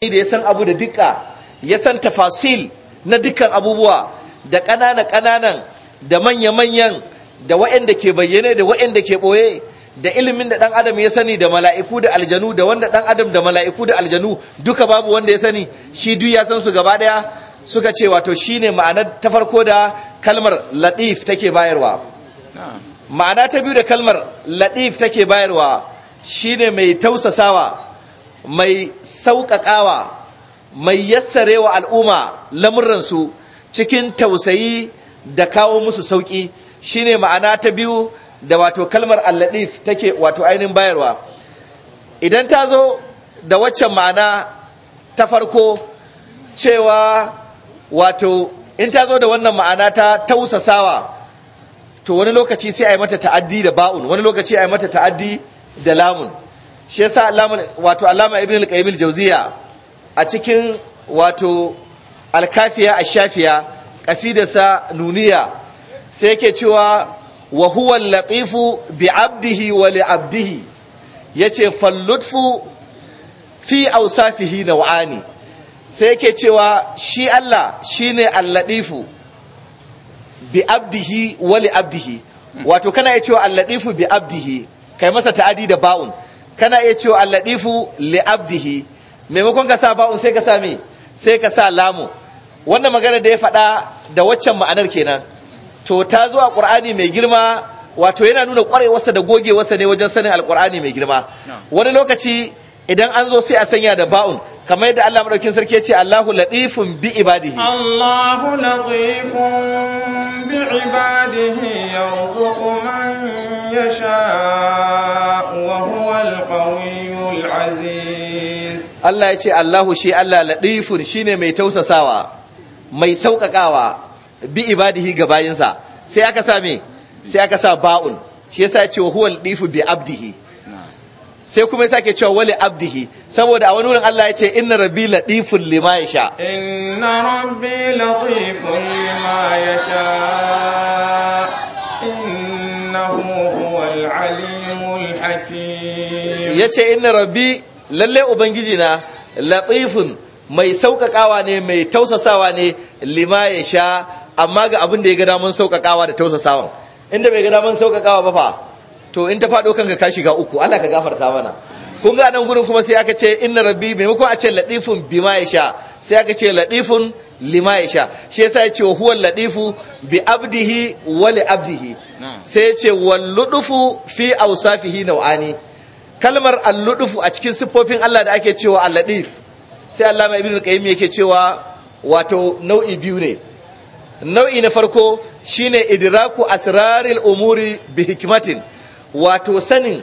da ya san abu da duka ya san tafasil na dukkan abubuwa da ƙanana ƙananan da manya-manyan da waɗanda ke bayyane da waɗanda ke ɓoye da ilimin da ɗan adam ya sani da mala'iku da aljanu da wanda ɗan adam da mala'iku da aljanu duka babu wanda ya sani shi duk san su gaba ɗaya suka ce wato shine ma'ana ta farko da kalmar latif take bayarwa ma'ana ta biyu da kalmar latif take bayarwa shine mai tausasawa mai sauƙaƙawa mai yassarewa al'umma lamuransu cikin tausayi da kawo musu sauƙi shine ma'ana ta biyu da wato kalmar alladif take wato ainihin bayarwa idan ta zo da waccan ma'ana ta farko cewa wato in ta zo da wannan ma'ana ta tausasawa to wani lokaci sai a yi mata ta'addi da ba'un wani lokaci a yi mata ta'addi da lamun shi yasa alama wato alama ibn al-qayyim jawziya a cikin wato al-kafiya ash-shafiya qasidarsa nuniya sai yake cewa wa huwa al-latifu bi wa li'abdihi yace yace lutfu fi awsafihi naw'ani sai yake cewa shi Allah shine al-latifu bi 'abdihi wa li'abdihi wato kana yace al-latifu bi kai masa ta'adi da ba'un kana iya cewa alladifu li abdihi maimakon ka sa ba'un sai ka sa me sai ka sa lamu wannan magana da ya faɗa da waccan ma'anar kenan to ta zo a qur'ani mai girma wato yana nuna kwarewarsa da gogewarsa ne wajen sanin alqur'ani mai girma wani lokaci idan an zo sai a sanya da ba'un kamar yadda Allah madaukin sarki ya ce Allahu latifun bi ibadihi Allahu latifun bi ibadihi yarzuqu man yasha wa القوي العزيز الله يشي الله شي الله لطيف شيني مي توسساوا مي سوققاوا بعباده غباينسا sai aka sa me sai aka sa ba'un shi yasa ya wa huwal difu bi abdihi sai kuma ya sake cewa wali abdihi saboda a wani wurin Allah ya ce inna rabbi latifun lima yasha inna rabbi latifun lima yasha innahu huwal alimul hakim ya ce inna rabbi lalle ubangiji na latifun mai sauƙaƙawa ne mai tausasawa ne lima ya sha amma ga abin da ya ga daman sauƙaƙawa da tausasawan inda bai ga daman sauƙaƙawa ba fa to in ta faɗo kanka ka shiga uku Allah ka gafarta mana kun ga nan gurin kuma sai aka ce inna rabbi maimakon a ce latifun bima ya sha sai aka ce latifun lima ya sha shi yasa ya ce wa huwa latifu bi abdihi wa li abdihi sai ya ce wal ludufu fi awsafihi naw'ani kalmar alludufu a cikin siffofin Allah da ake cewa alladif sai Allah mai ibnu qayyim yake cewa wato nau'i biyu ne nau'i na farko shine idraku asraril umuri bi hikmatin wato sanin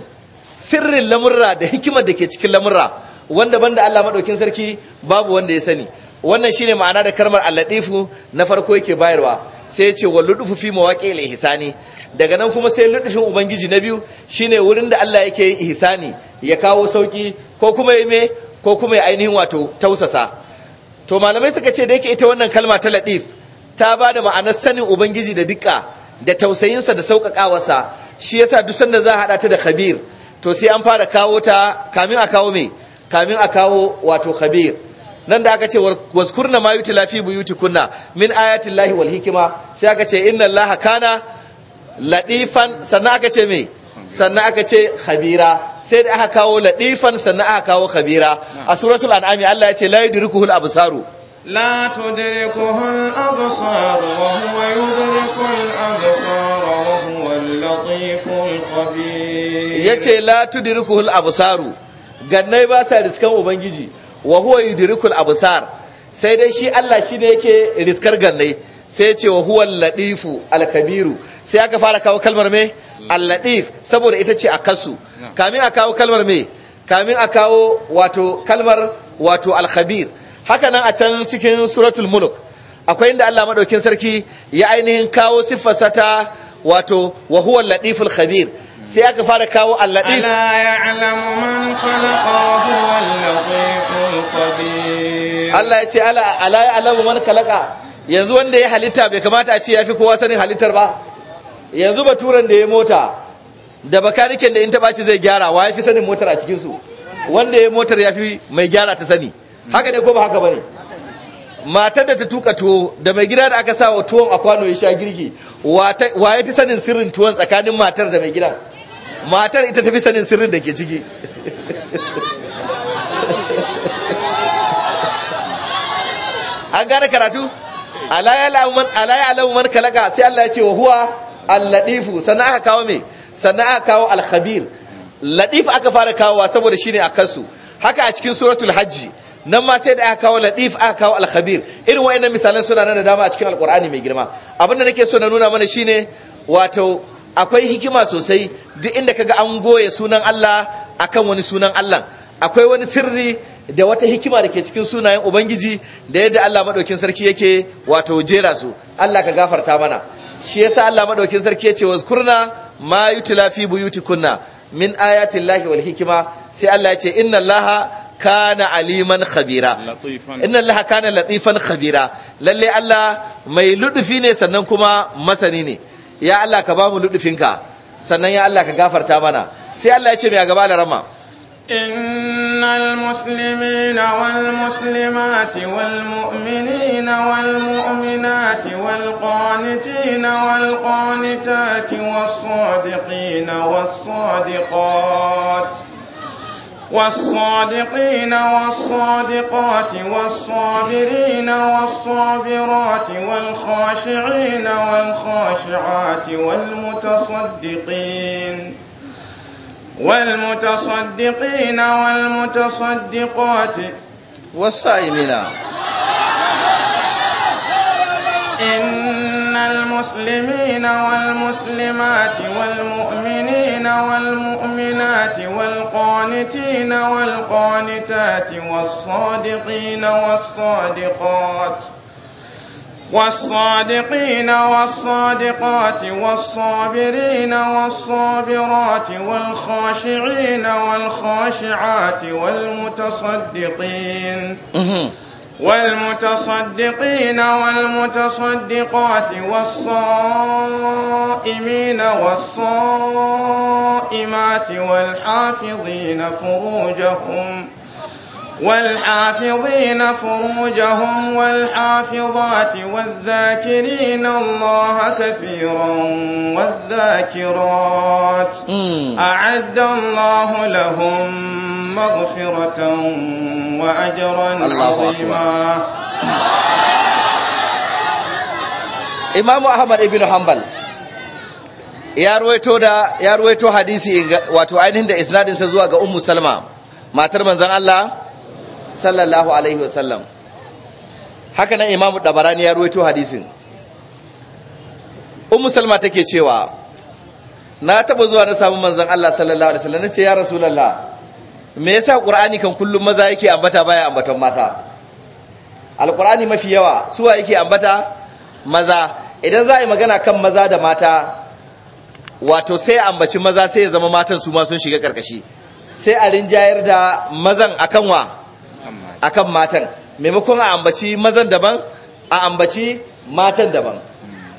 sirrin lamurra da hikimar da ke cikin lamurra wanda banda Allah madaukin sarki babu wanda ya sani wannan shine ma'ana da kalmar alladifu na farko yake bayarwa sai ya ce walludufu fi mawaqi daga nan kuma sai luɗushin ubangiji na biyu shine wurin da Allah yake yin ihsani ya kawo sauki ko kuma ya me ko kuma ya ainihin wato tausasa to malamai suka ce da yake ita wannan kalma ta latif ta ba da ma'anar sanin ubangiji da dukka da tausayinsa da sauƙaƙawarsa shi yasa duk sanda za a haɗa ta da khabir to sai an fara kawo ta kamin a kawo me kamin a kawo wato khabir nan da aka ce waskurna ma yutila fi buyutikunna min ayatin lahi wal hikima sai aka ce inna allaha kana Laɗifan sannan aka ce me sannan aka ce khabira sai da aka kawo laɗifan sannan aka kawo khabira a suratul an'ami Allah ya ce la yudrikuhul absaru la tudrikuhul absaru wa huwa yudrikul absara wa al latiful khabir yace la tudrikuhul absaru gannai ba sa riskan ubangiji wa huwa yudrikul absar sai dai shi Allah shi ne yake riskar gannai sai ce wa huwa ladifu alkabiru sai aka fara kawo kalmar me alladif saboda ita ce a kasu kamin a kawo kalmar me kamin a kawo wato kalmar wato alkhabir haka nan a can cikin suratul mulk akwai inda Allah madaukin sarki ya ainihin kawo siffarsa ta wato wa huwa ladiful khabir sai aka fara kawo alladif ala ya'lamu man khalaqa huwa al-latiful khabir Allah ya ce ala ala ya'lamu man khalaqa yanzu wanda ya halitta bai kamata a ce ya fi kowa sanin halittar ba yanzu baturan da ya mota da bakaniken da in ta ce zai gyara wa ya fi sanin motar a cikinsu wanda ya motar ya fi mai gyara ta sani haka ne ko ba haka ba ne matar da ta tuka tuwo da mai gida da aka sa wa tuwon a kwano ya sha girki wa ya fi sanin sirrin tuwon tsakanin matar da mai gida? matar ita ta fi sanin sirrin da ke ciki an gane karatu ala ya lamu man kalaka sai Allah ya ce wa huwa al sannan aka kawo me sannan aka kawo al-khabir aka fara kawowa saboda shine a kansu haka a cikin suratul hajji nan ma sai da aka kawo ladif aka kawo al irin wayannan misalan suna nan da dama a cikin alqur'ani mai girma abinda nake so na nuna mana shine wato akwai hikima sosai duk inda kaga an goye sunan Allah akan wani sunan Allah akwai wani sirri da wata hikima da ke cikin sunayen ubangiji da yadda Allah maɗaukin sarki yake wato jera su Allah ka gafarta mana shi yasa Allah madaukin sarki ya ce wasu kurna ma yi yutla fi tukunna min ayati lahi wal hikima sai Allah ya yace inna allaha kana aliman khabira inna allaha kana latifan khabira lalle Allah mai ludufi ne sannan kuma masani ne ya Allah ka bamu ludufinka sannan ya Allah ka gafarta mana sai Allah ce mai gaba da rama إن المسلمين والمسلمات والمؤمنين والمؤمنات والقانتين والقانتات والصادقين والصادقات والصادقين والصادقات والصابرين والصابرات والخاشعين والخاشعات والمتصدقين والمتصدقين والمتصدقات والصائمين إن المسلمين والمسلمات والمؤمنين والمؤمنات والقانتين والقانتات والصادقين والصادقات والصادقين والصادقات والصابرين والصابرات والخاشعين والخاشعات والمتصدقين والمتصدقين والمتصدقات والصائمين والصائمات والحافظين فروجهم والحافظين فروجهم والحافظات والذاكرين الله كثيرا والذاكرات أعد الله لهم مغفرة وأجرا عظيما إمام أحمد بن حنبل ya ruwaito da ya ruwaito hadisi wato ainihin da isnadin sa zuwa ga Ummu Salma matar manzon Allah sallallahu alaihi wasallam haka nan imamu dabarani ya ruwaito hadisin ummu salma take cewa na taba zuwa na samu manzon Allah sallallahu alaihi wasallam nace ya rasulullah me yasa qur'ani kan kullum maza yake ambata baya ambaton mata alqur'ani mafi yawa suwa yake ambata maza idan za a yi magana kan maza da mata wato sai ambaci maza sai ya zama matan su ma sun shiga karkashi sai a rinjayar da mazan akan wa akan matan maimakon a ambaci mazan daban a ambaci matan daban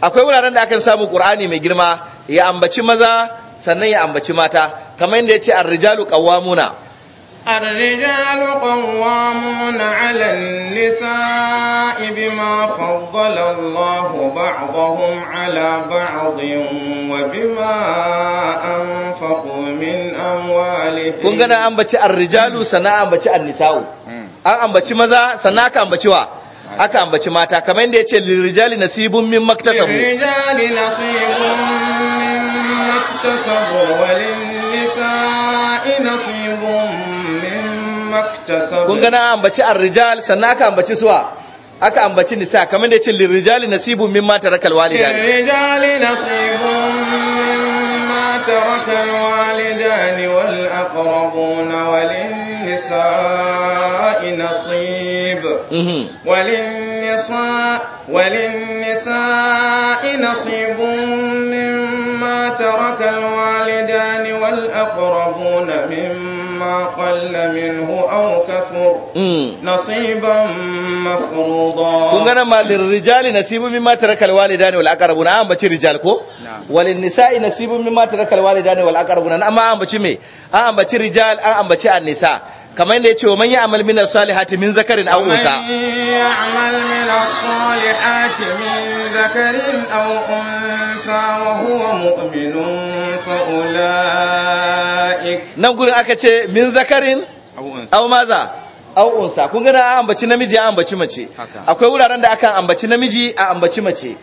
akwai wuraren da akan samu qur'ani mai girma ya ambaci maza sannan ya ambaci mata kamar yadda ya ce ar-rijalu qawwamuna الرجال قوامون على النساء بما فضل الله بعضهم على بعض وبما أنفقوا من أموالهم كنت أنا أمبتي الرجال سنة أمبتي النساء an ambaci maza sannan aka ambaci wa aka ambaci mata kamar yadda yace lirijali nasibun min maktasabu lirijali nasibun min maktasabu min kun ga na ambaci arrijal sannan aka ambaci suwa aka ambaci nisa kamar ya yace lirijali nasibun min mata rakal walidani lirijali nasibun ترك الوالدان والأقربون وللنساء نصيب وللنساء, وللنساء نصيب مما ترك الوالدان والأقربون مما ما قل منه أو كثر نصيبا مفروضا كنا ما للرجال نصيب مما ترك الوالدان والأقربون أما بشي رجالكو وللنساء نصيب مما ترك الوالدان والأقربون أما أما بشي مي أما بشي رجال أما بشي النساء كما da ya من يعمل من الصالحات من ذكر او انثى zakarin aw unsa ya'mal min as-salihati min zakarin aw unsa nan gudun aka ce min zakarin au maza au unsa kun gana a ambaci namiji a ambaci mace akwai wuraren da aka ambaci namiji a ambaci mace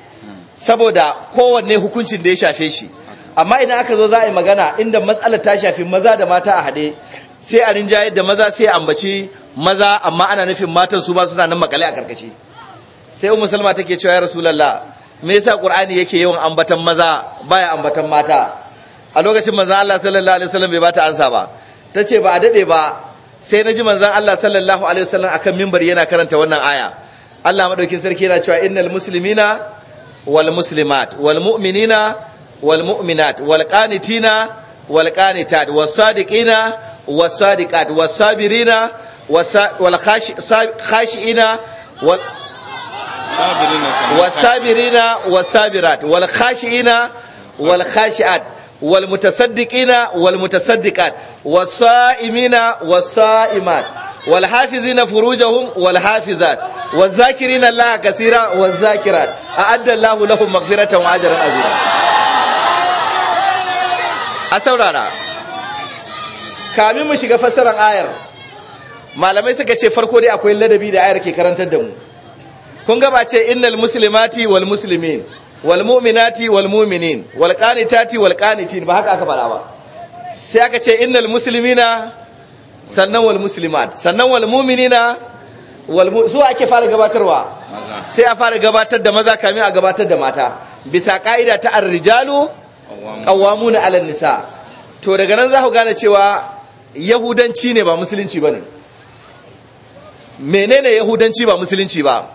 saboda kowanne hukuncin da ya shafe shi amma idan aka zo za a yi magana inda matsalar ta shafi maza da mata a haɗe sai a rinja da maza sai ambaci maza amma ana nufin matan su ba suna nan makale a karkashi sai umu salma take cewa ya rasulullah me yasa qur'ani yake yawan ambatan maza baya ambatan mata a lokacin manzan Allah sallallahu alaihi wasallam bai bata ansa ba ta ce ba a daɗe ba sai na ji manzan Allah sallallahu alaihi wasallam akan mimbar yana karanta wannan aya Allah maɗaukin sarki yana cewa innal muslimina wal muslimat wal mu'minina wal mu'minat wal qanitina wal qanitat was sadiqina was sadiqat was sabirina wal khashiina wal والصابرين والصابرات والخاشئين والخاشئات wal mutasaddiqina wal mutasaddiqat was sa'imina was sa'imat wal hafizina furujahum wal a'adda Allah lahum maghfiratan wa ajran a saurara kamin mu shiga fassarar ayar malamai suka ce farko dai akwai ladabi da ayar ke karantar da mu kun gaba ce innal muslimati wal muslimin wal mu'minati wal mu'minin wal qanitati wal qanitin ba haka aka faɗa ba sai aka ce innal muslimina sannan wal muslimat sannan wal mu'minina wal su ake fara gabatarwa sai a fara gabatar da maza kamin a gabatar da mata bisa ka'ida ta ar-rijalu qawwamuna 'ala nisa to daga nan za ku gane cewa yahudanci ne ba musulunci bane menene yahudanci ba musulunci ba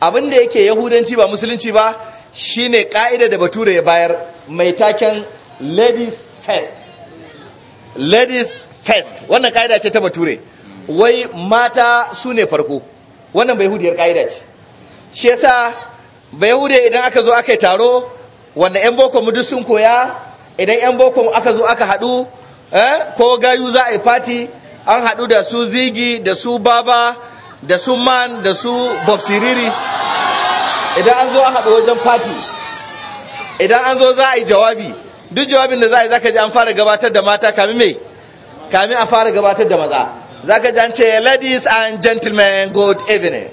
abin da yake yahudanci ba musulunci ba shine ka'ida da bature ya bayar mai taken ladies first ladies first wannan ka'ida ce ta bature wai mata su ne farko wannan bai hudiyar ka'ida ce shi yasa bai hude idan aka zo aka yi taro wanda 'yan boko mu duk sun koya idan 'yan boko aka zo aka haɗu eh, ko gayu za a yi fati an haɗu da su zigi da su baba da su man da su bob siriri idan an zo a haɗu wajen fati idan an zo za a yi jawabi duk jawabin da za a yi zaka ji an fara gabatar da mata kamin mai kamin a fara gabatar da maza zaka ji an ce ladies and gentlemen good evening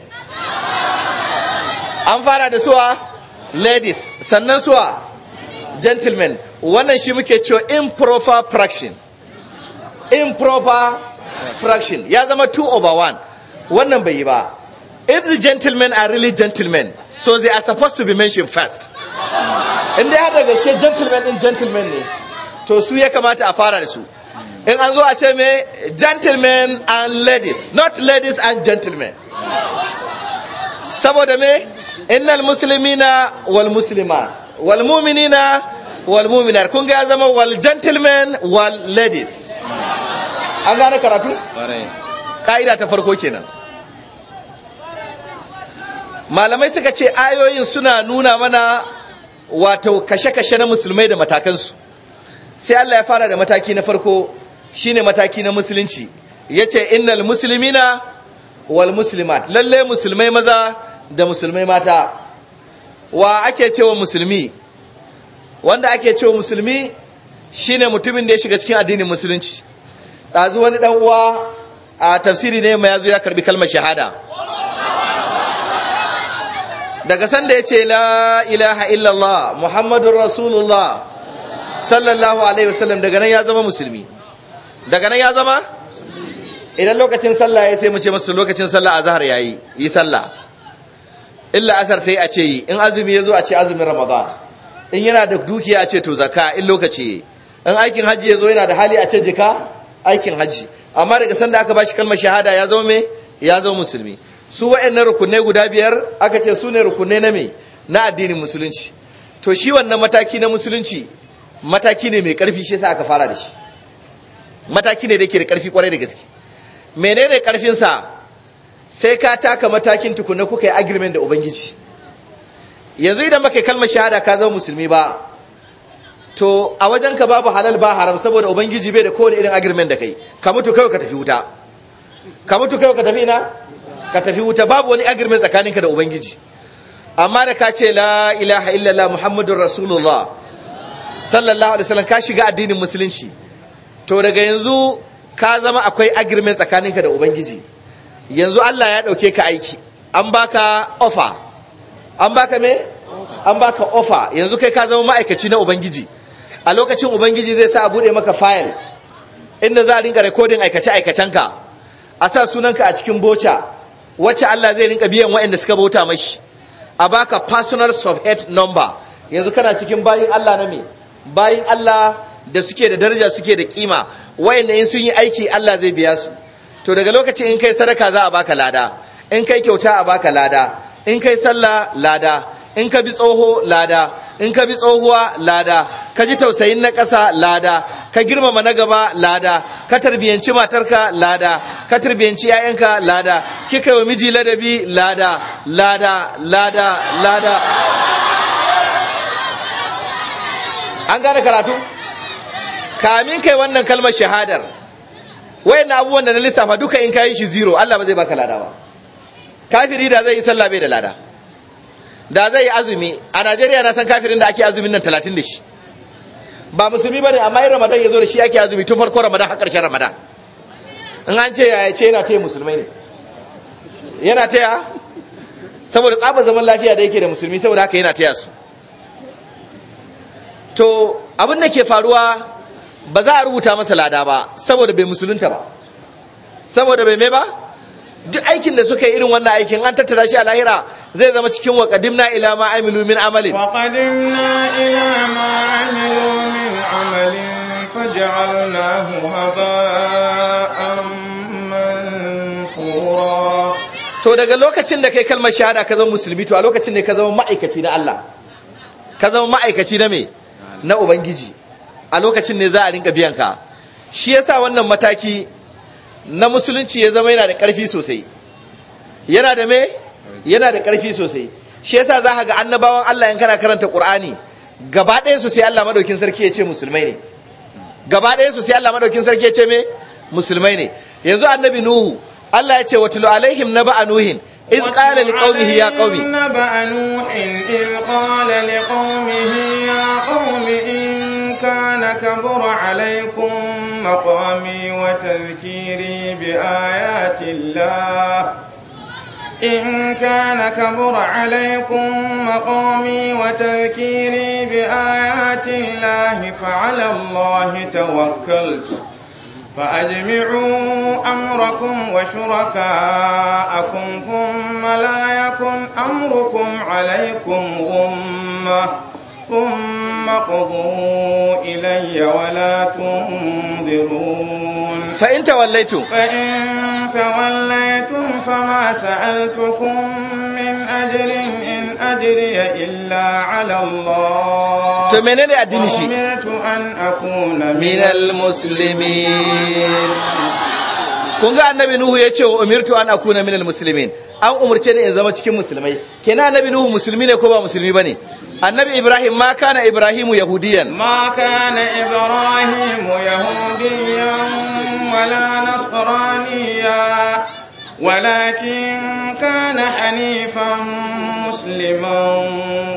an fara da suwa ladies sannan suwa gentlemen wannan shi muke cewa improper fraction improper fraction ya zama 2 over 1 wannan bai yi ba if the gentlemen are really gentlemen so they are supposed to be mentioned first in dai da gaske gentlemen din gentlemen ne to su ya kamata a fara da su in an zo a ce me gentlemen and ladies not ladies and gentlemen saboda me innal muslimina wal muslimat wal mu'minina wal muminar kun ga ya zama wal gentlemen wal ladies an gane karatu ka'ida ta farko kenan malamai suka ce ayoyin suna nuna mana wato kashe-kashe na musulmai da matakansu sai Allah ya fara da mataki na farko shine mataki na musulunci Ya ce innal muslimina wal musulmat lalle musulmai maza da musulmai mata wa ake cewa musulmi wanda ake cewa musulmi shine mutumin da ya shiga cikin addinin musulunci ɗazu wani ɗan uwa a tafsiri ne mai yazo ya karbi kalmar shahada daga sanda ya ce la ilaha illallah muhammadun rasulullah sallallahu alaihi wasallam daga nan ya zama musulmi daga nan ya zama idan lokacin sallah ya sai mu ce musu lokacin sallah a zahar yayi yi sallah illa asar ta yi a ce yi in azumi ya zo a ce azumin ramadan in yana da dukiya a ce to zaka in lokaci in aikin hajji ya zo yana da hali a ce jika aikin hajji amma daga sanda aka bashi kalmar shahada ya zama me ya zama musulmi su wa'annan rukunai guda biyar aka ce su ne rukunai na me na addinin musulunci to shi wannan mataki na musulunci mataki ne mai karfi shi sa aka fara da shi mataki ne da ke da karfi kwarai da gaske menene karfinsa sai ka taka matakin tukuna kuka yi agreement da ubangiji yanzu idan baka kalmar shahada ka zama musulmi ba to a wajen ka babu halal ba haram saboda ubangiji bai da kowane irin agreement da kai ka mutu kawai ka tafi wuta ka mutu kawai ka tafi ina ka tafi wuta babu wani agreement tsakaninka da ubangiji amma da ka ce la ilaha illallah muhammadur rasulullah sallallahu alaihi wasallam ka shiga addinin musulunci to daga yanzu ka zama akwai agreement tsakaninka da ubangiji yanzu Allah ya dauke ka aiki an baka offer an baka me an baka offer yanzu kai ka zama ma'aikaci na ubangiji a lokacin ubangiji zai sa a bude maka file inda za a rinka recording aikace aikacen ka. a sa sunanka a cikin bocha wacce Allah zai rinka biyan waɗanda suka bauta mashi a baka personal subhead number yanzu kana cikin bayin Allah na me bayin Allah da suke da daraja suke da kima waɗanda in sun yi aiki Allah zai biya su to daga lokaci in kai sadaka za a baka lada in kai kyauta a baka lada in kai sallah lada in ka bi tsoho lada in ka bi tsohuwa lada ka ji tausayin na ƙasa lada ka girmama na gaba lada ka tarbiyanci matarka lada ka tarbiyanci 'ya'yanka lada kika yi miji ladabi lada lada lada lada an gane karatu kamin kai wannan kalmar shahadar wayan abubuwan da na lissafa duka in kayan shi zero Allah ba zai baka lada ba kafiri da zai yi sallah bai da lada da zai yi azumi a najeriya na san kafirin da ake azumin nan talatin da shi ba musulmi ba ne amma yin ramadan ya zo da shi ake azumi tun farko ramadan har ƙarshen ramadan in an ce yaya ce yana taya musulmai ne yana taya saboda tsabar zaman lafiya da yake da musulmi saboda haka yana taya su to abin da ke faruwa ba za a rubuta masa lada ba saboda bai musulunta ba saboda bai mai ba duk aikin da suka yi irin wannan aikin an tattara shi a lahira zai zama cikin wa qadimna ila ma amilu min amalin wa qadimna ila ma amilu min amalin faj'alnahu haba'an to daga lokacin da kai kalmar shahada ka zama musulmi to a lokacin ne ka zama ma'aikaci na Allah ka zama ma'aikaci na me na ubangiji a lokacin ne za a rinka biyan ka shi yasa wannan mataki na musulunci ya zama yana da ƙarfi sosai yana da me yana da ƙarfi sosai shi yasa za ka ga annabawan Allah in kana karanta Qur'ani gaba ɗayan su sai Allah madaukin sarki ya ce musulmai ne gaba ɗayan su sai Allah madaukin sarki ya ce me musulmai ne yanzu annabi Nuhu Allah ya ce watulu alaihim naba nuhin iz qala liqaumihi ya qaumi نبأ نوح إذ qala liqaumihi ya qaumi in kana kabura alaikum مقامي وتذكيري بآيات الله إن كان كبر عليكم مقامي وتذكيري بآيات الله فعلى الله توكلت فأجمعوا أمركم وشركاءكم ثم لا يكن أمركم عليكم غمّة ثم قضوا إلي ولا تنظرون فإن توليتم فإن توليتم فما سألتكم من أجر إن أجري إلا على الله تمنين أديني شيء أمرت أن أكون من المسلمين kun ga annabi nuhu ya ce wa umirtu an akuna minal muslimin an umurce ni in zama cikin musulmai kenan annabi nuhu musulmi ne ko ba musulmi bane Annabi Ibrahim ma ka Ibrahimu Yahudiyan. Ma ka Ibrahimu Yahudiyan wala na walakin ka hanifan musulman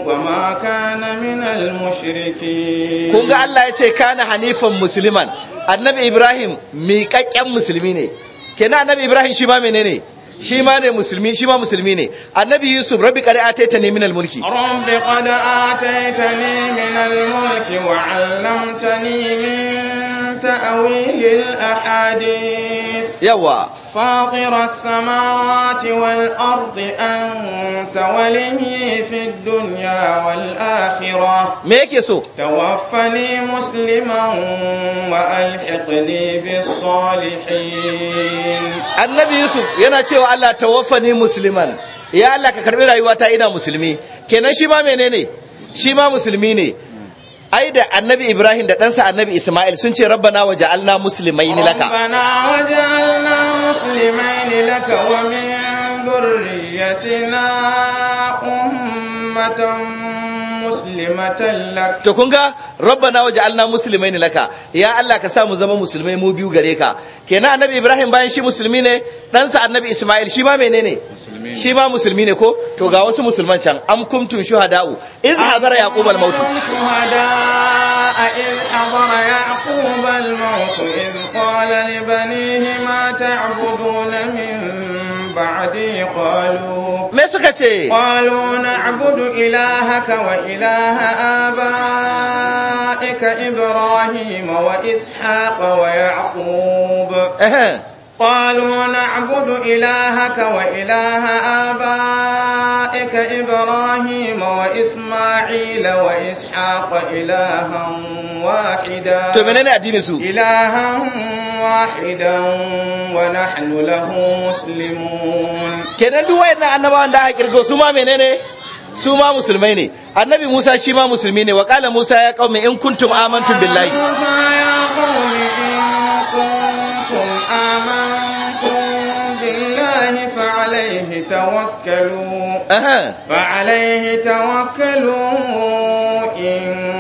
wa ma ka na min al'umma shiriki. Kunga Allah ya ce ka hanifan musulman annabi Ibrahim mi ka ƙyan musulmi ne kena annabi Ibrahim shima ne ne. shi ma ne musulmi shi ma musulmi ne annabi yusuf rabbi qad ataitani min al-mulki rabbi qad ataitani min al-mulki wa 'allamtani min ta'wil al-ahadith yawa فاطر السماوات والأرض أنت ولي في الدنيا والآخرة ميك توفني مسلما وألحقني بالصالحين النبي يوسف yana cewa Allah tawaffani musliman ya Allah ka karbi rayuwata ina musulmi kenan shima ma musulmi ne ai da annabi ibrahim da ɗansa annabi isma'il sun ce rabbana wa ja'alna muslimain laka rabbana wa ja'alna muslimain laka wa min dhurriyyatina ummatan muslimatan lak to kun ga rabbana waj'alna muslimaini laka ya Allah ka sa mu zama musulmai mu biyu gare ka kenan annabi Ibrahim bayan shi musulmi ne ɗansa annabi Ismail shi ma menene shi ma musulmi ne ko to ga wasu musulman can am kuntum shuhada'u iz hadara yaqub al maut إذ حضر يعقوب بعدي قالوا ما suka قالوا نعبد إلهك وإله آبائك إبراهيم وإسحاق ويعقوب قالوا na إلهك وإله آبائك إبراهيم وإسماعيل وإسحاق إلها واحدا إلها واحدا ونحن له مسلمون kenan duk wayannan annabawan da aka kirgo su ma menene su ma musulmai ne annabi Musa shi ma musulmi ne wa qala Musa ya qaumi in kuntum amantum billahi توكلوا فعليه توكلوا إن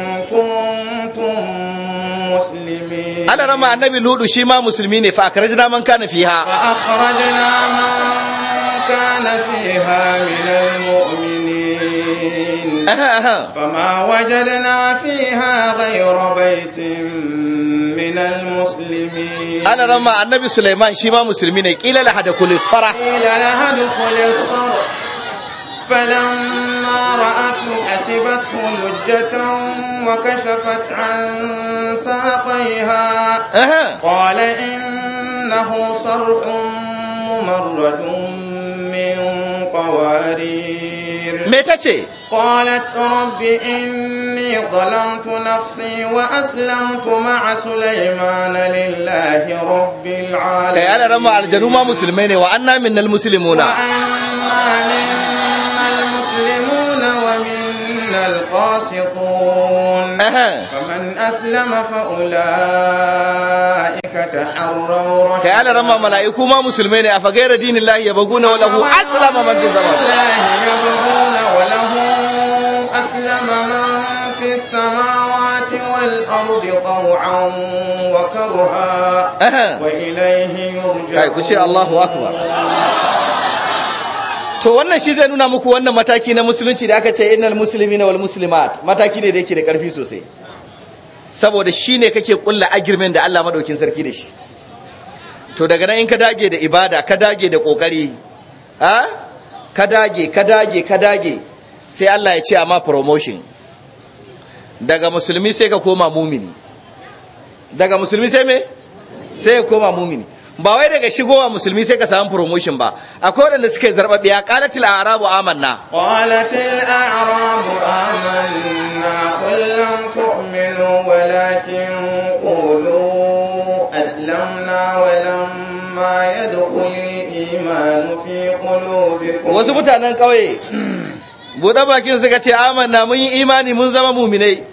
ana rama annabi ludu shi ma musulmi ne fa akhrajna man kana fiha fa akhrajna man kana fiha min almu'minin fama wajadna fiha المسلمين أنا لما النبي سليمان شيما مسلمين قيل لها كل الصرع قيل لها كل الصرع فلما رأته حسبته لجة وكشفت عن ساقيها أه. قال إنه صرح ممرد من قوارير me ta ce qalat rabbi inni zalamtu nafsi wa aslamtu ma'a lillahi rabbil alamin kai ana aljanu ma musulmai ne wa anna minnal muslimuna wa anna minnal muslimuna wa minnal qasitun faman aslama fa ulaika kai ana mala'iku ma musulmai ne a fagaira dinillahi yabaguna wa lahu aslama man طوعا وكرها to wannan shi zai nuna muku wannan mataki na musulunci da aka ce innal muslimina wal muslimat mataki ne da yake da karfi sosai saboda shi ne kake kulla agirmen da Allah madaukin sarki da shi to daga nan in ka dage da ibada ka dage da kokari ka dage ka dage ka dage sai Allah ya ce amma promotion daga musulmi sai ka koma mumini daga musulmi sai me sai ya koma mumini ba wai daga shigowa musulmi sai ka samu promotion ba akwai waɗanda suke zarbabiya qalatil a'rabu amanna qalatil a'rabu amanna qul lam tu'minu walakin qulu aslamna wa lamma yadkhulul iman fi qulubikum wasu mutanen kauye bude bakin suka ce amanna mun yi imani mun zama muminai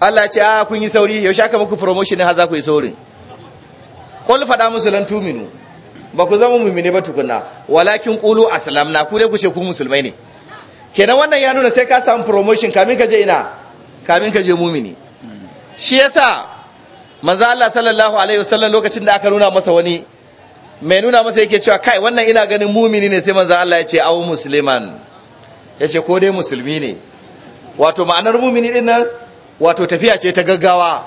Allah ya ce a ah, kun yi sauri yaushe aka muku promotion har za ku yi saurin qul fada musu tuminu ba ku zama mu'mini ba tukunna walakin qulu aslamna ku dai ku ce ku musulmai ne kenan wannan ya nuna sai ka samu promotion kamin ka je ina kamin ka je mu'mini shi yasa manzo Allah sallallahu alaihi wasallam lokacin da aka nuna masa wani mai nuna masa yake cewa kai wannan ina ganin mumini ne sai manzo Allah ya ce au musliman ya ko dai musulmi ne wato ma'anar mumini din nan wato tafiya ce ta gaggawa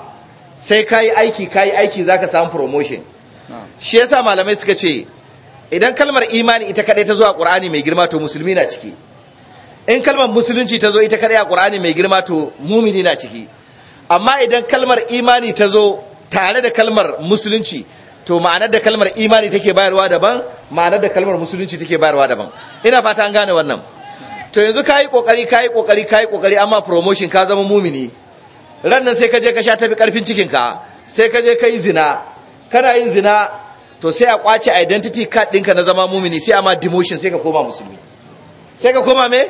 sai ka aiki ka aiki za ka samu promotion shi yasa malamai suka ce idan kalmar imani ita kadai ta zo a ƙur'ani mai girma to musulmi na ciki in kalmar musulunci ta zo ita kadai a ƙur'ani mai girma to mumini na ciki amma idan kalmar imani ta zo tare da kalmar musulunci to ma'anar da kalmar imani take bayarwa daban ma'anar da kalmar musulunci take bayarwa daban ina fata an gane wannan to yanzu ka kokari ƙoƙari kokari yi kokari amma promotion ka zama mumini ran nan sai ka je ka sha tafi karfin cikinka sai ka je ka yi zina kana yin zina to sai a kwace identity card ɗinka na zama mumini sai a ma demotion sai ka koma musulmi sai ka koma me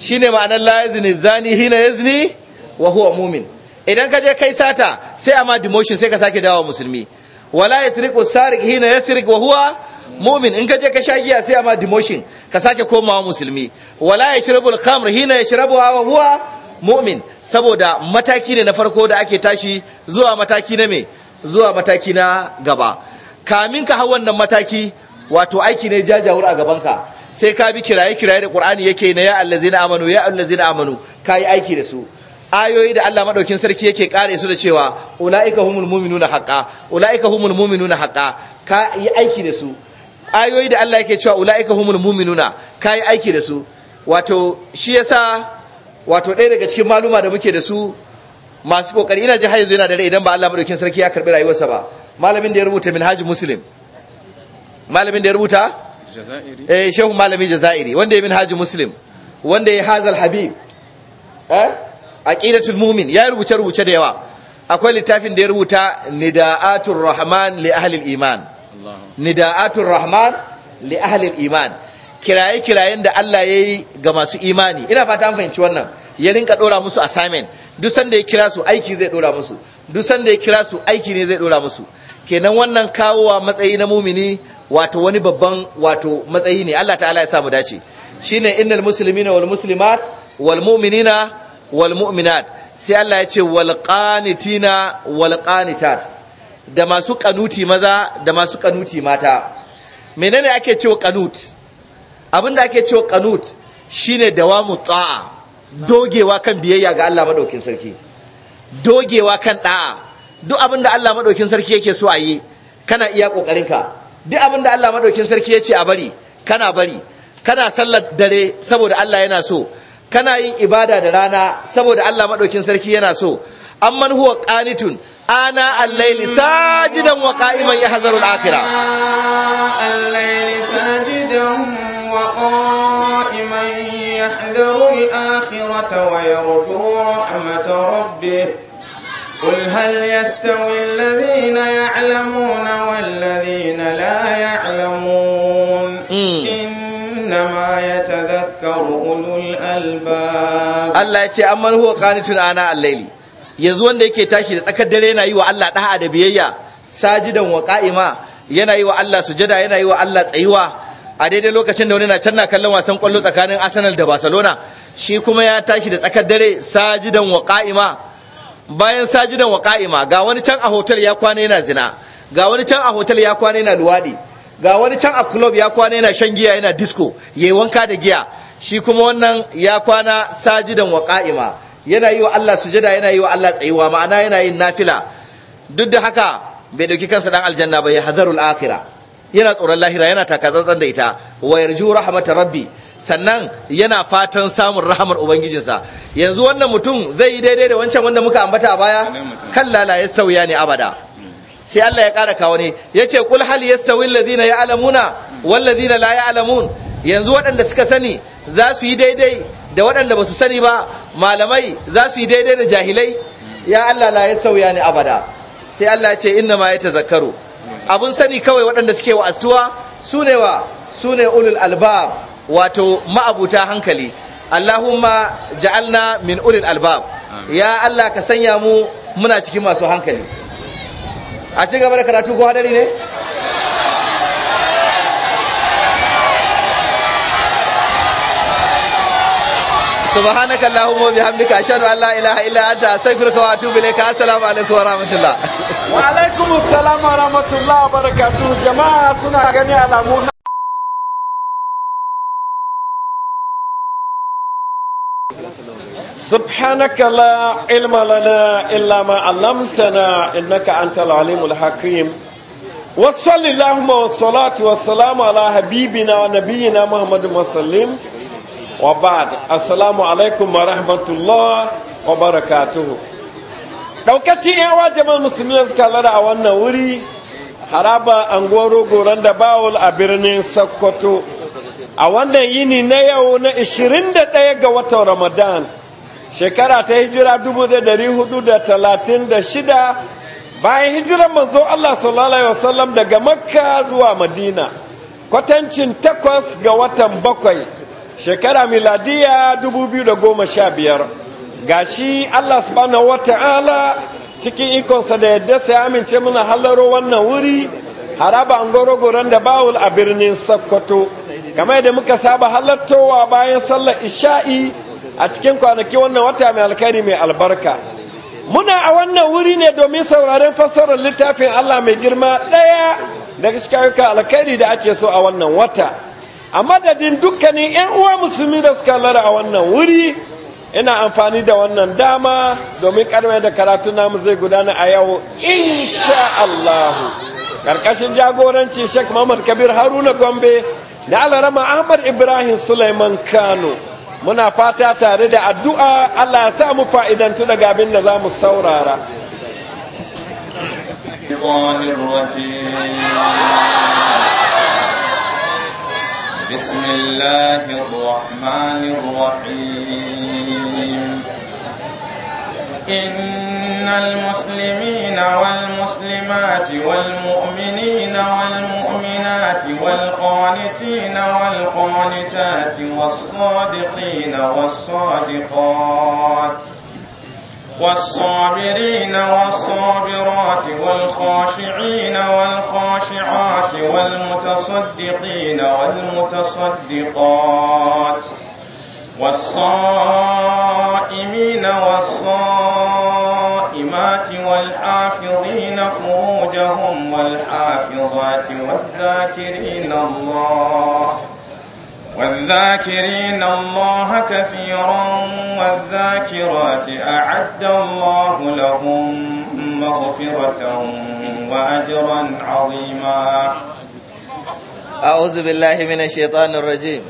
shine ma'anar la yazni zani hina yazni wa huwa mumin idan ka je kai sata sai a ma demotion sai ka sake dawo musulmi wala yasriqu sariq hina yasriq wa huwa mumin in ka je ka sha giya sai a ma demotion ka sake komawa musulmi wala yashrabul khamr hina yashrabuha wa huwa mu'min saboda mataki ne na farko da ake tashi zuwa mataki na me zuwa mataki na gaba kamin ka hau wannan mataki wato aiki ne jajawur a gabanka sai ka bi kiraye kiraye da qur'ani yake na ya allazina amanu ya allazina amanu kai aiki da su ayoyi da Allah madaukin sarki yake kare su da cewa ulaika humul mu'minuna haqa ulaika humul mu'minuna haqa ka yi aiki da su ayoyi da Allah yake cewa ulaika humul mu'minuna kai aiki da su wato shi yasa wato ɗaya daga cikin maluma da muke da su masu kokari ina ji har yanzu yana da rai idan ba Allah madaukin sarki ya karɓi rayuwarsa ba malamin da ya rubuta minhaj muslim malamin da ya rubuta eh shehu malami jazairi wanda ya minhaj muslim wanda ya hazal habib eh aqidatul mu'min ya rubuce rubuce da yawa akwai littafin da ya rubuta nida'atul rahman li ahli iman nida'atul rahman li ahli iman kiraye-kirayen da Allah ya yi ga masu imani ina fata an fahimci wannan ya rinka dora musu assignment duk sanda ya kira su aiki zai dora musu duk sanda ya kira su aiki ne zai dora musu kenan wannan kawowa matsayi na mumini wato wani babban wato matsayi ne Allah ta'ala ya samu dace shine innal muslimina wal muslimat wal mu'minina wal mu'minat sai Allah ya ce wal qanitina wal qanitat da masu kanuti maza da masu kanuti mata menene ake cewa kanut abin da ake cewa kanut shine mu ta'a dogewa kan biyayya ga Allah madaukin sarki dogewa kan da'a duk abin da Allah madaukin sarki yake so a yi kana iya kokarinka duk abin da Allah madaukin sarki ya ce a bari kana bari kana sallar dare saboda Allah yana so kana yin ibada da rana saboda Allah madaukin sarki yana so amman huwa qanitun ana al-laili sajidan wa mai ya hazarul akhirah al-laili sajidan wa qa'iman ya hazarul akhirah wa ya rahmat rabbih قل هل يستوي الذين يعلمون والذين لا يعلمون إنما يتذكر أولو الألباب الله يتي أمن هو قانت أنا الليلي yanzu wanda yake tashi da tsakar dare yana yi wa Allah da'a da biyayya sajidan wa ka'ima yana yi wa Allah sujada yana yi wa Allah tsayuwa a daidai lokacin da wani na canna kallon wasan kwallo tsakanin Arsenal da Barcelona shi kuma ya tashi da tsakar dare sajidan wa ka'ima bayan sajidan wa ka'ima ga wani can a hotel ya kwana yana zina ga wani can a hotel ya kwana yana luwadi ga wani can a club ya kwana yana shan giya yana disco yayi wanka da giya shi kuma wannan ya kwana sajidan wa ka'ima yana yi wa Allah sujada yana yi wa Allah tsayuwa ma'ana yana yin nafila duk da haka bai dauki kansa dan aljanna ba ya hazarul akhirah yana tsoron lahira yana taka tsantsan da ita wa yarju rahmatar rabbi sannan yana fatan samun rahamar ubangijinsa yanzu wannan mutum zai yi daidai da wancan wanda muka ambata a baya kalla la yastawiya ne abada sai Allah ya ƙara kawo ne yace kul hal yastawi alladhina ya'lamuna wal ladina la ya'lamun yanzu waɗanda suka sani za su yi daidai da waɗanda ba su sani ba malamai za su yi daidai da jahilai ya Allah la ya sauya ni abada sai Allah ya ce inna ma ya tazakkaru abun sani kawai waɗanda suke astuwa su ne wa su ne ulul albab wato ma'abuta hankali Allahumma ja'alna min ulul albab ya Allah ka sanya mu muna cikin masu hankali a ci gaba da karatu ko hadari ne سبحانك اللهم وبحمدك اشهد ان لا اله الا انت استغفرك واتوب اليك السلام عليكم ورحمه الله وعليكم السلام ورحمه الله وبركاته جماعه سنه غني على سبحانك لا علم لنا إلا ما علمتنا إنك أنت العليم الحكيم وصلى اللهم والصلاة والسلام على حبيبنا ونبينا محمد مسلم wa ba'd assalamu alaikum wa rahmatullah wa barakatuhu daukacin yawa jama'a musulmi suka lara a wannan wuri haraba anguwar goran da bawul a birnin sokoto a wannan yini na yau na 21 ga watan ramadan shekara ta hijira shida. bayan hijirar manzo Allah sallallahu alaihi wasallam daga makka zuwa madina kwatancin takwas ga watan bakwai shekara miladiya 2015 shi Allah subhanahu wata'ala cikin ikonsa da yadda ya amince muna hallaro wannan wuri haraba an da bawul a birnin Sokoto kamar yadda muka saba halartowa bayan sallar isha'i a cikin kwanaki wannan wata mai alkari mai albarka muna a wannan wuri ne domin sauraren fassarar littafin Allah mai girma ɗaya daga cikin alkhairi da ake so a wannan wata a madadin dukkanin 'yan uwa musulmi da suka lara a wannan wuri ina amfani da wannan dama domin karmai da karatu namu zai gudana a yau insha Allahu karkashin jagoranci Sheikh Muhammad Kabir Haruna Gombe da Alarama Ahmad Ibrahim Suleiman Kano muna fata tare da addu'a Allah ya sa mu fa'idantu daga abin da za mu saurara الشيطان الرجيم بسم الله الرحمن الرحيم إن المسلمين والمسلمات والمؤمنين والمؤمنات والقانتين والقانتات والصادقين والصادقات والصابرين والصابرات والخاشعين والخاشعات والمتصدقين والمتصدقات والصائمين والصائمات والحافظين فروجهم والحافظات والذاكرين الله والذاكرين الله كثيرا والذاكرات أعد الله لهم مغفرة وأجرا عظيما أعوذ بالله من الشيطان الرجيم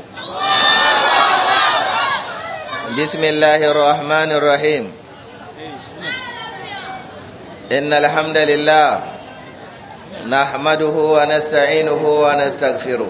بسم الله الرحمن الرحيم إن الحمد لله نحمده ونستعينه ونستغفره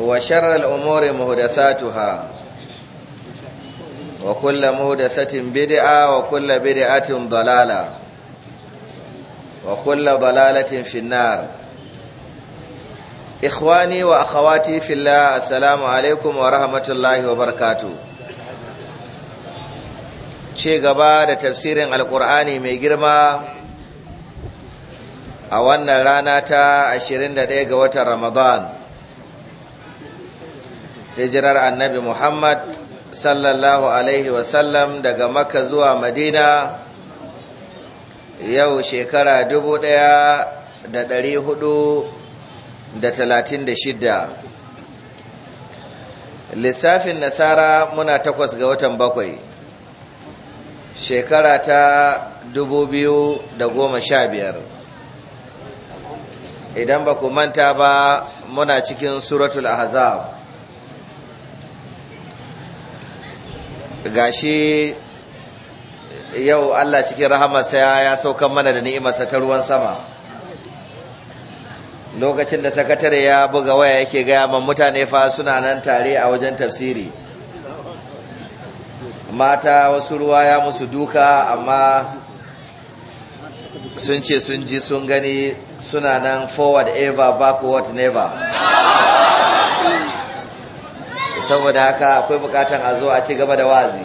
وشر الأمور مهدساتها وكل مهدسة بدعة وكل بدعة ضلالة وكل ضلالة في النار إخواني وأخواتي في الله السلام عليكم ورحمة الله وبركاته ce gaba da tafsirin alkur'ani mai girma a wannan rana ta 21 ga watan ramadan hijirar annabi Muhammad sallallahu alaihi wasallam daga maka zuwa Madina yau shekara dubu ɗaya da da talatin da shida. lissafin nasara muna takwas ga watan bakwai shekara ta dubu da goma sha biyar idan ba ku manta ba muna cikin suratul ahzab gashi yau Allah cikin rahamarsa ya saukan mana da ni'imarsa ta ruwan sama lokacin da sakatare ya buga waya yake gaya man mutane fa suna nan tare a wajen tafsiri mata wasu ruwa ya musu duka amma sun ce sun ji sun gani suna nan forward ever backward never saboda haka akwai bukatan a zo a ci gaba da wazi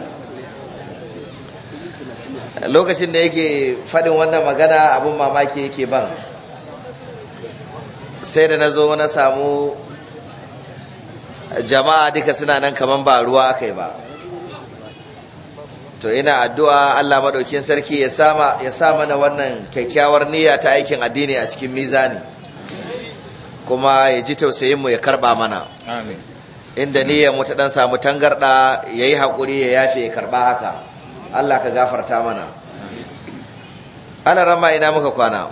lokacin da yake faɗin wannan magana abin mamaki yake ban sai da na zo na samu jama'a duka suna nan kaman ba ruwa kai ba to ina addu'a Allah maɗaukin sarki ya sa mana wannan kyakkyawar niyya ta aikin addini a cikin mizani kuma ya ji tausayinmu ya karɓa mana inda ni ya mutu dan samu tangarda yayi hakuri ya yafe ya karba haka Allah ka gafarta mana ana rama ina muka kwana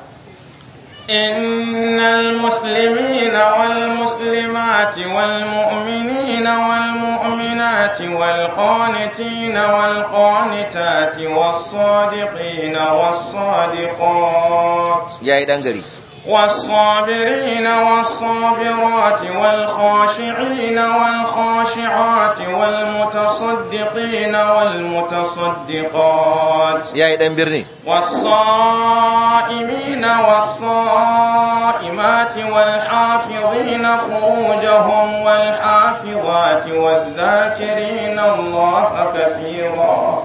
إن المسلمين والمسلمات والمؤمنين والمؤمنات والقانتين والقانتات والصادقين والصادقات يا إدنجري والصابرين والصابرات والخاشعين والخاشعات والمتصدقين والمتصدقات يا إدم إيه برني والصائمين والصائمات والحافظين فروجهم والحافظات والذاكرين الله كثيرا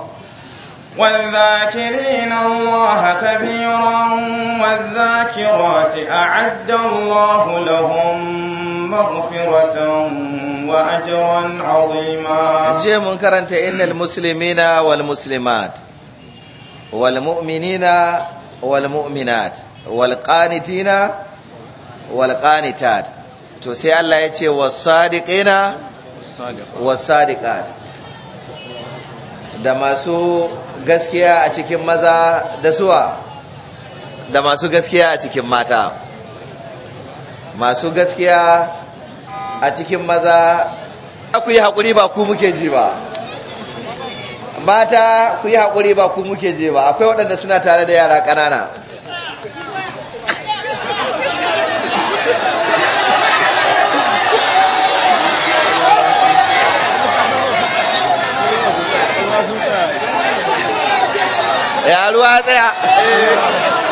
والذاكرين الله كثيرا والذاكرات أعد الله لهم مغفرة وأجرا عظيما جاء منكرا إن المسلمين والمسلمات والمؤمنين والمؤمنات والقانتين والقانتات تسي الله يتي والصادقين والصادقات da masu gaskiya a cikin maza da suwa da masu gaskiya a cikin mata masu gaskiya a cikin maza ku yi haƙuri ba ku muke ji ba mata ku yi haƙuri ba ku muke ji ba akwai waɗanda suna tare da yara ƙanana ruwa tsaya eh.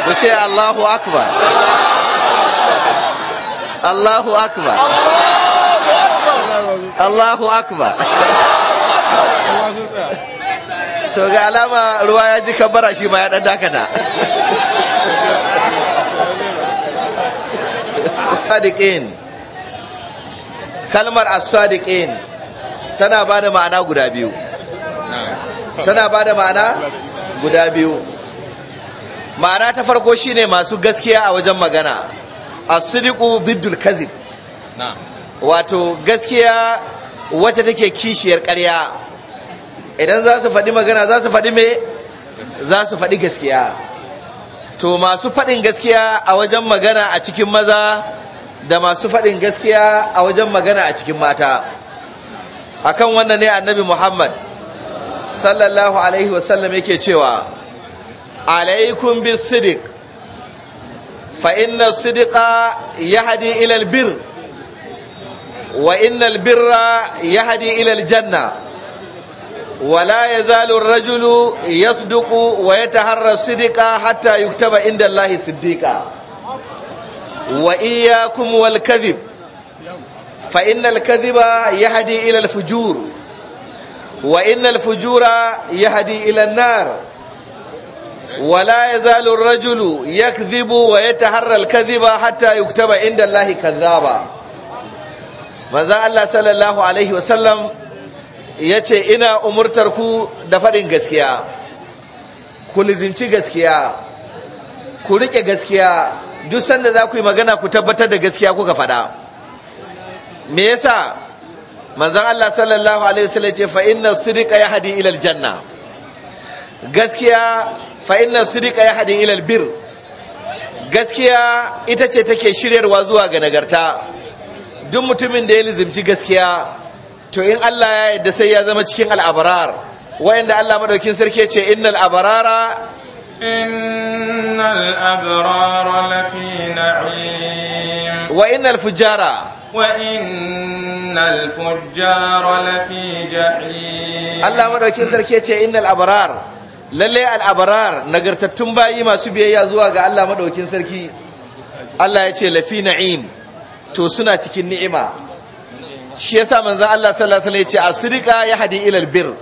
ku ce Allahu akbar Allahu akbar Allahu akbar to ga alama ruwa ya ji kabara shi ma ya ɗan dakata sadiqin kalmar as-sadiqin tana bada ma'ana guda biyu tana bada ma'ana guda biyu ma'ana ta farko shine masu gaskiya a wajen magana as-sidiqu biddul kadhib wato gaskiya wacce take kishiyar karya? idan za su faɗi magana za su faɗi me za su faɗi gaskiya to masu faɗin gaskiya a wajen magana a cikin maza da masu faɗin gaskiya a wajen magana a cikin mata akan wannan ne annabi muhammad sallallahu alaihi wasallam yake cewa alaikun bi sidik fa inna ya hadi ilal bir wa inna ya hadi ilal janna wala ya zalu rajulu ya suduku wa ya taharar sidika hatta yuktaba inda Allahi siddiqa wa iya kuma wal kazib fa inna ya hadi ilal fujur wa inna ya hadi ilan nar wala yazalu rajulu yakdhibu wa yataharra al-kadhiba hatta yuktaba inda Allah kadhaba manzo Allah sallallahu alaihi wasallam yace ina umurtar ku da faɗin gaskiya ku lizimci gaskiya ku riƙe gaskiya duk sanda za ku yi magana ku tabbatar da gaskiya kuka faɗa me yasa Maza Allah sallallahu alaihi wasallam ce fa inna ya yahdi ilal janna. gaskiya fa inna ya yahdin ila albir gaskiya ita ce take shiryarwa zuwa ga nagarta duk mutumin da ya lizimci gaskiya to in Allah ya yadda sai ya zama cikin al'abrar da Allah madaukin sarki ce innal abrara innal abrara lafi na'im wa innal fujara وإن الفجار لفي جحيم الله مدوكين سركي يتي إن الأبرار lallai al'abarar nagartattun bayi masu biyayya zuwa ga Allah maɗaukin sarki Allah ya ce lafi na'im to suna cikin ni'ima shi yasa manzan Allah sallallahu ya ce a sirika ya hadi ilal bir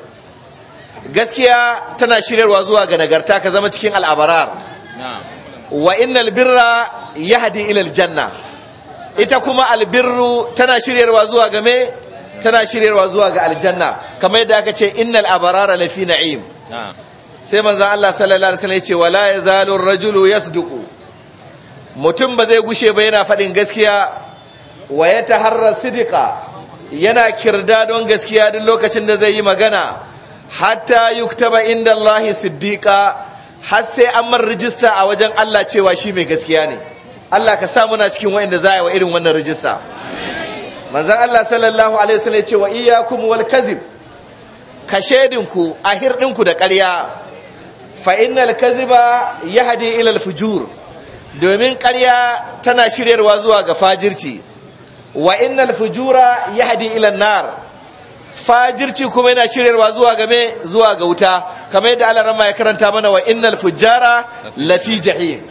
gaskiya tana shiryarwa zuwa ga nagarta ka zama cikin al'abarar wa innal birra ya hadi ilal janna ita kuma albirru tana shiryarwa zuwa ga me tana shiryarwa zuwa ga aljanna kamar yadda aka ce innal abarara lafi na'im sai manzan Allah sallallahu alaihi wasallam ya ce wala yazalu ar-rajulu yasduqu mutum ba zai gushe ba yana faɗin gaskiya wa ya ta taharra sidika yana kirda don gaskiya duk lokacin da zai yi magana hatta yuktaba inda Allah siddiqa har sai an man rijista a wajen Allah cewa shi mai gaskiya ne Allah ka sa muna cikin waɗanda za wa irin wannan rijista manzan Allah sallallahu alaihi wasallam ya ce wa iyyakum wal kadhib ka shedinku a hirɗinku da ƙarya Fa'inal Kaziba ya yahdi ilal fujur domin ƙarya tana shiryarwa zuwa ga fajirci wa fujura ya ila an-nar fajirci kuma yana shiryarwa zuwa ga zuwa ga wuta kamar yadda Allah rama ya karanta mana wa fujara lafi jahim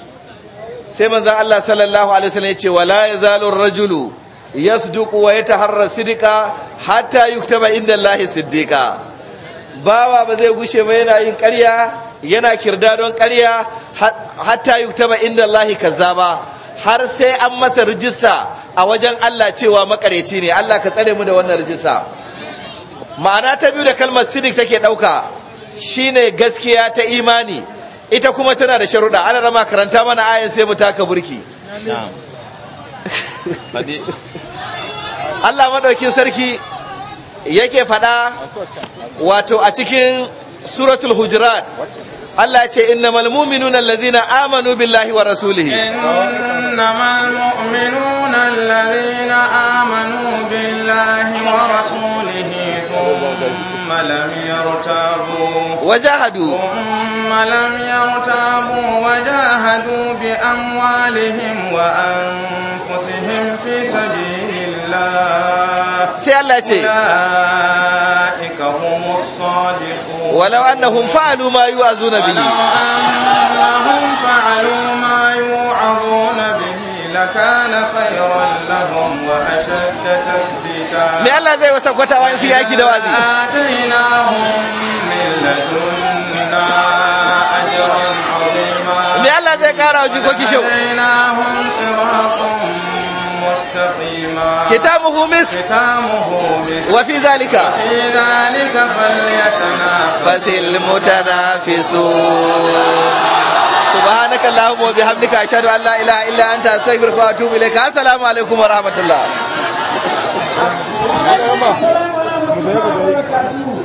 sai manzon Allah sallallahu alaihi wasallam yace wala yazalu ar-rajulu yasduqu wa yataharra sidika hatta yuktaba inda Allah siddiqa bawa ba zai gushe ba yana yin ƙarya yana kirda don ƙarya hatta yuktaba inda kaza kazzaba har sai an masa rijista a wajen Allah cewa makareci ne Allah ka tsare mu da wannan rijista ma'ana ta biyu da kalmar sidik take ɗauka shine gaskiya ta imani ita kuma tana da sharuɗa ana rama karanta mana ayan sai mu taka burki Allah maɗaukin sarki yake faɗa wato a cikin suratul hujurat Allah ce innamal mu'minuna allazina amanu billahi wa rasulihi innamal mu'minuna allazina amanu billahi wa rasulihi thumma lam yartabu wajahadu thumma lam yartabu wajahadu bi amwalihim wa anfusihim fi sabilillah sai Allah ya ce walau annahum fa'alu ma yu'azuna bihi annahum fa'alu ma yu'azuna bihi lakana khayran lahum wa tathbita me Allah zai wasa kwata wa sai yaki da wazi atainahum me Allah zai kara wa jikoki atainahum مستقيما ختامه مسك ختامه مسك وفي ذلك وفي ذلك فليتنافس المتنافسون سبحانك اللهم وبحمدك أشهد أن لا إله إلا أنت أستغفرك وأتوب إليك السلام عليكم ورحمة الله